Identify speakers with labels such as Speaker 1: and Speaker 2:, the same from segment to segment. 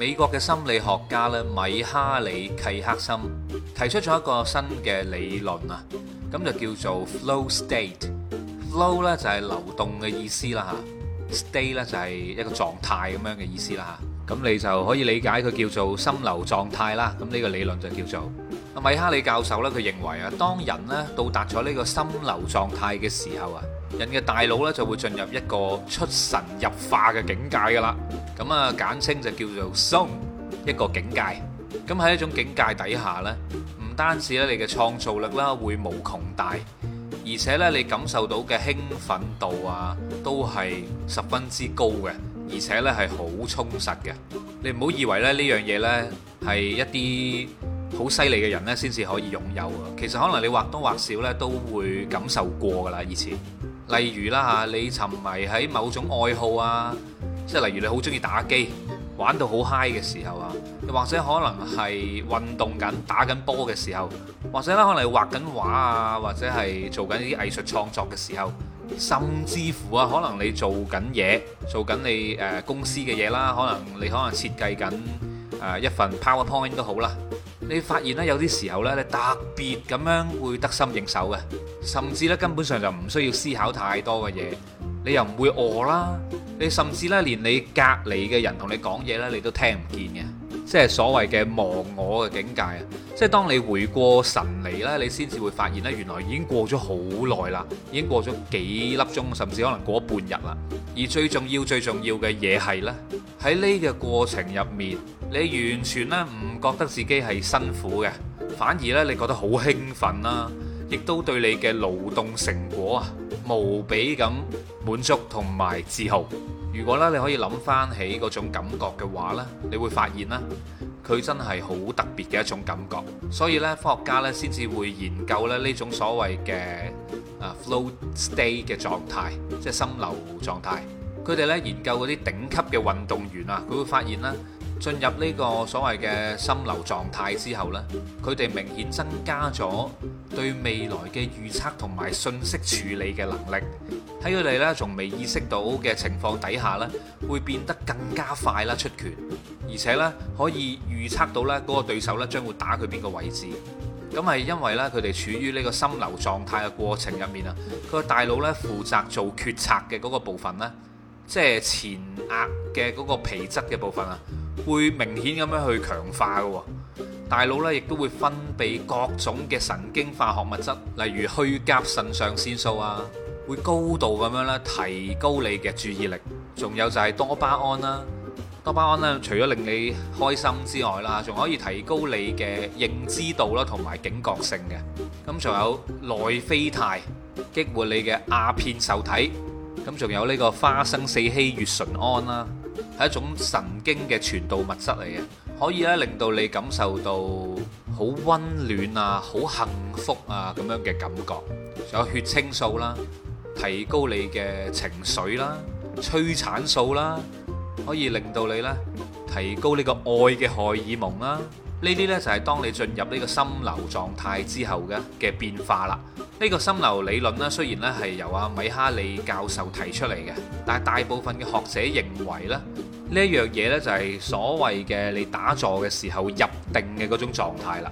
Speaker 1: 美國嘅心理學家咧，米哈里契克森提出咗一個新嘅理論啊，咁就叫做 flow state。flow 咧就係流動嘅意思啦嚇，state 咧就係一個狀態咁樣嘅意思啦嚇。咁你就可以理解佢叫做心流狀態啦。咁呢個理論就叫做米哈里教授咧，佢認為啊，當人咧到達咗呢個心流狀態嘅時候啊，人嘅大腦咧就會進入一個出神入化嘅境界噶啦。咁啊，簡稱就叫做 Zone 一個境界。咁喺一種境界底下咧，唔單止咧你嘅創造力啦會無窮大，而且咧你感受到嘅興奮度啊，都係十分之高嘅，而且咧係好充實嘅。你唔好以為咧呢樣嘢咧係一啲好犀利嘅人咧先至可以擁有啊。其實可能你或多或少咧都會感受過噶啦。以前，例如啦嚇，你沉迷喺某種愛好啊。即係例如你好中意打機，玩到好嗨嘅時候啊，又或者可能係運動緊、打緊波嘅時候，或者咧可能畫緊畫啊，或者係做緊啲藝術創作嘅時候，甚至乎啊，可能你做緊嘢，做緊你誒、呃、公司嘅嘢啦，可能你可能設計緊誒一份 PowerPoint 都好啦，你發現咧，有啲時候呢，你特別咁樣會得心應手嘅，甚至呢，根本上就唔需要思考太多嘅嘢，你又唔會餓啦。你甚至咧，連你隔籬嘅人同你講嘢咧，你都聽唔見嘅，即係所謂嘅忘我嘅境界啊！即係當你回過神嚟咧，你先至會發現咧，原來已經過咗好耐啦，已經過咗幾粒鐘，甚至可能過咗半日啦。而最重要、最重要嘅嘢係咧，喺呢個過程入面，你完全咧唔覺得自己係辛苦嘅，反而咧你覺得好興奮啦，亦都對你嘅勞動成果啊，無比咁滿足同埋自豪。如果咧你可以諗翻起嗰種感覺嘅話呢，你會發現呢，佢真係好特別嘅一種感覺。所以呢，科學家咧先至會研究咧呢種所謂嘅啊 flow state 嘅狀態，即係心流狀態。佢哋咧研究嗰啲頂級嘅運動員啊，佢會發現啦。進入呢個所謂嘅心流狀態之後呢，佢哋明顯增加咗對未來嘅預測同埋信息處理嘅能力。喺佢哋呢，仲未意識到嘅情況底下呢，會變得更加快啦，出拳，而且呢，可以預測到呢嗰個對手呢將會打佢邊個位置。咁係因為呢，佢哋處於呢個心流狀態嘅過程入面啊，佢個大腦呢負責做決策嘅嗰個部分呢。即係前額嘅嗰個皮質嘅部分啊，會明顯咁樣去強化嘅喎、啊。大腦呢亦都會分泌各種嘅神經化學物質，例如去甲腎上腺素啊，會高度咁樣咧提高你嘅注意力。仲有就係多巴胺啦、啊，多巴胺呢、啊、除咗令你開心之外啦，仲可以提高你嘅認知度啦，同埋警覺性嘅。咁仲有內啡肽，激活你嘅阿片受體。咁仲有呢個花生四烯乙醇胺啦，係一種神經嘅傳導物質嚟嘅，可以咧令到你感受到好溫暖啊、好幸福啊咁樣嘅感覺。仲有血清素啦，提高你嘅情緒啦，催產素啦，可以令到你呢，提高呢個愛嘅荷爾蒙啦。呢啲呢，就係當你進入呢個心流狀態之後嘅嘅變化啦。呢個心流理論呢，雖然咧係由阿米哈利教授提出嚟嘅，但係大部分嘅學者認為咧，呢一樣嘢呢，就係所謂嘅你打坐嘅時候入定嘅嗰種狀態啦。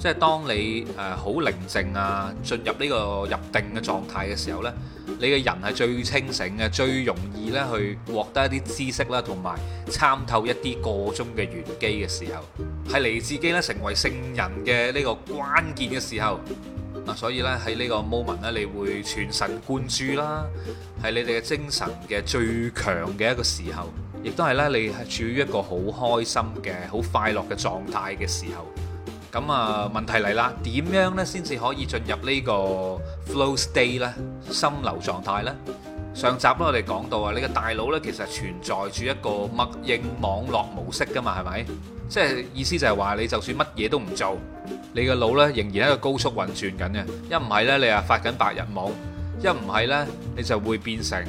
Speaker 1: 即係當你誒好寧靜啊，進入呢個入定嘅狀態嘅時候，呢你嘅人係最清醒嘅，最容易呢去獲得一啲知識啦，同埋參透一啲箇中嘅玄機嘅時候，係你自己呢成為聖人嘅呢個關鍵嘅時候。所以呢，喺呢個 moment 呢，你會全神貫注啦，係你哋嘅精神嘅最強嘅一個時候，亦都係呢，你係處於一個好開心嘅、好快樂嘅狀態嘅時候。咁啊，問題嚟啦，點樣咧先至可以進入呢個 flow state 咧，心流狀態咧？上集咧我哋講到啊，你嘅大腦咧其實存在住一個默認網絡模式㗎嘛，係咪？即係意思就係話你就算乜嘢都唔做，你嘅腦咧仍然喺度高速運轉緊嘅。一唔係咧你啊發緊白日夢，一唔係咧你就會變成。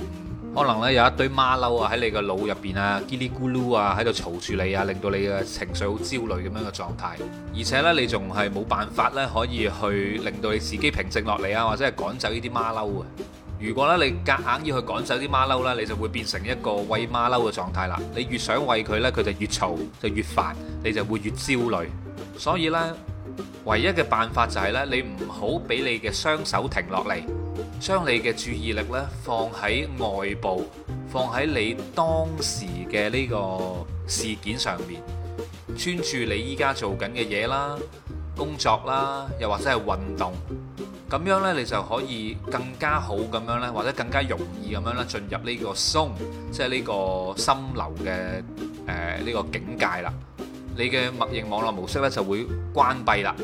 Speaker 1: 可能咧有一堆馬騮啊喺你個腦入邊啊，嘰里咕嚕啊喺度嘈住你啊，令到你嘅情緒好焦慮咁樣嘅狀態。而且呢，你仲係冇辦法呢，可以去令到你自己平靜落嚟啊，或者係趕走呢啲馬騮啊。如果咧你夾硬要去趕走啲馬騮呢，你就會變成一個餵馬騮嘅狀態啦。你越想餵佢呢，佢就越嘈，就越煩，你就會越焦慮。所以呢。唯一嘅辦法就係咧，你唔好俾你嘅雙手停落嚟，將你嘅注意力呢放喺外部，放喺你當時嘅呢個事件上面，專注你依家做緊嘅嘢啦，工作啦，又或者係運動，咁樣呢，你就可以更加好咁樣呢，或者更加容易咁樣咧進入呢個 Zone，即係呢個心流嘅誒呢個境界啦。你嘅默認網絡模式呢就會關閉啦，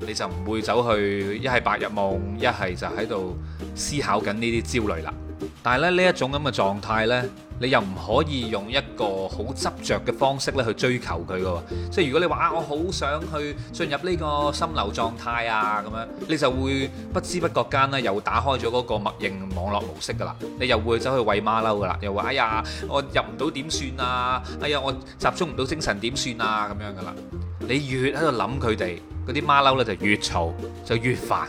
Speaker 1: 你就唔會走去一係白日夢，一係就喺度思考緊呢啲焦慮啦。但係咧呢一種咁嘅狀態呢。你又唔可以用一個好執着嘅方式咧去追求佢嘅喎，即係如果你話我好想去進入呢個心流狀態啊咁樣，你就會不知不覺間咧又打開咗嗰個默認網絡模式嘅啦，你又會走去餵馬騮嘅啦，又話哎呀我入唔到點算啊，哎呀我集中唔到精神點算啊咁樣嘅啦，你越喺度諗佢哋嗰啲馬騮咧就越嘈就越煩。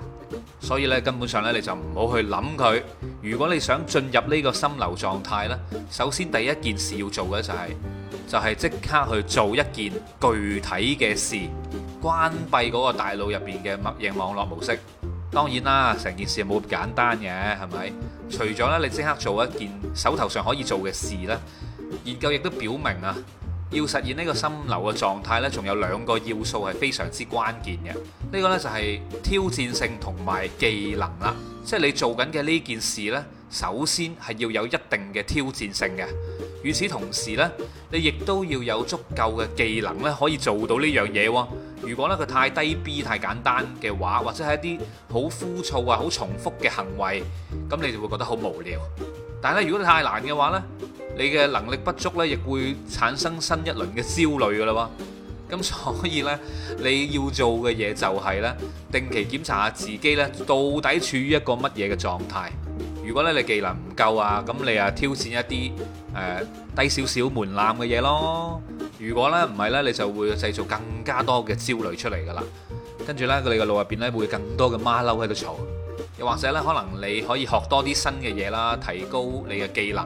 Speaker 1: 所以咧，根本上咧，你就唔好去諗佢。如果你想進入呢個心流狀態呢，首先第一件事要做嘅就係，就係，即刻去做一件具體嘅事，關閉嗰個大腦入邊嘅默認網絡模式。當然啦，成件事冇簡單嘅，係咪？除咗咧，你即刻做一件手頭上可以做嘅事呢，研究亦都表明啊。要實現呢個心流嘅狀態呢，仲有兩個要素係非常之關鍵嘅。呢個呢，就係挑戰性同埋技能啦，即係你做緊嘅呢件事呢，首先係要有一定嘅挑戰性嘅。與此同時呢，你亦都要有足夠嘅技能呢，可以做到呢樣嘢喎。如果呢，佢太低 B、太簡單嘅話，或者係一啲好枯燥啊、好重複嘅行為，咁你就會覺得好無聊。但係咧，如果你太難嘅話呢。你嘅能力不足咧，亦會產生新一輪嘅焦慮噶啦喎。咁所以呢，你要做嘅嘢就係呢，定期檢查下自己呢，到底處於一個乜嘢嘅狀態。如果咧你技能唔夠啊，咁你啊挑戰一啲誒低少少門檻嘅嘢咯。如果呢唔係呢，你就會製造更加多嘅焦慮出嚟噶啦。跟住呢，佢哋嘅腦入邊呢會更多嘅馬騮喺度嘈。又或者呢，可能你可以學多啲新嘅嘢啦，提高你嘅技能。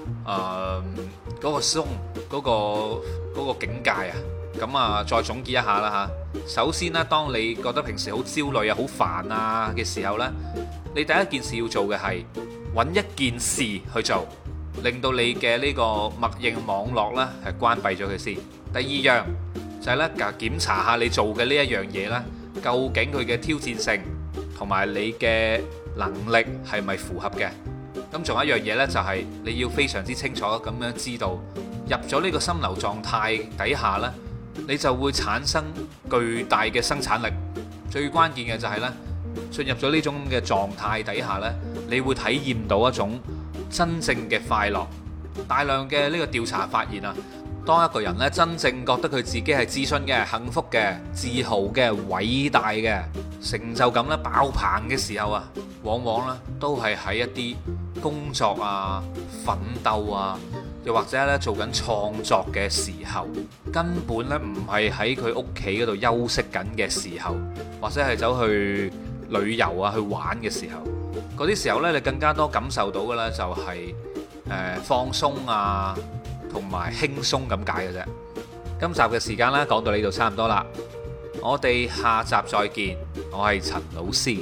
Speaker 1: 誒嗰、uh, 個鬆嗰、嗰個嗰個境界啊，咁啊再總結一下啦吓，首先呢，當你覺得平時好焦慮啊、好煩啊嘅時候呢，你第一件事要做嘅係揾一件事去做，令到你嘅呢個默認網絡呢係關閉咗佢先。第二樣就係咧，格檢查下你做嘅呢一樣嘢呢，究竟佢嘅挑戰性同埋你嘅能力係咪符合嘅？咁仲有一樣嘢呢，就係你要非常之清楚咁樣知道，入咗呢個心流狀態底下呢，你就會產生巨大嘅生產力。最關鍵嘅就係呢，進入咗呢種嘅狀態底下呢，你會體驗到一種真正嘅快樂。大量嘅呢個調查發現啊，當一個人呢，真正覺得佢自己係自信嘅、幸福嘅、自豪嘅、偉大嘅、成就感咧爆棚嘅時候啊，往往呢都係喺一啲工作啊，奮鬥啊，又或者咧做緊創作嘅時候，根本咧唔係喺佢屋企嗰度休息緊嘅時候，或者係走去旅遊啊去玩嘅時候，嗰啲時候呢，你更加多感受到嘅呢，就係，就係誒放鬆啊，同埋輕鬆咁解嘅啫。今集嘅時間呢，講到呢度差唔多啦，我哋下集再見，我係陳老師。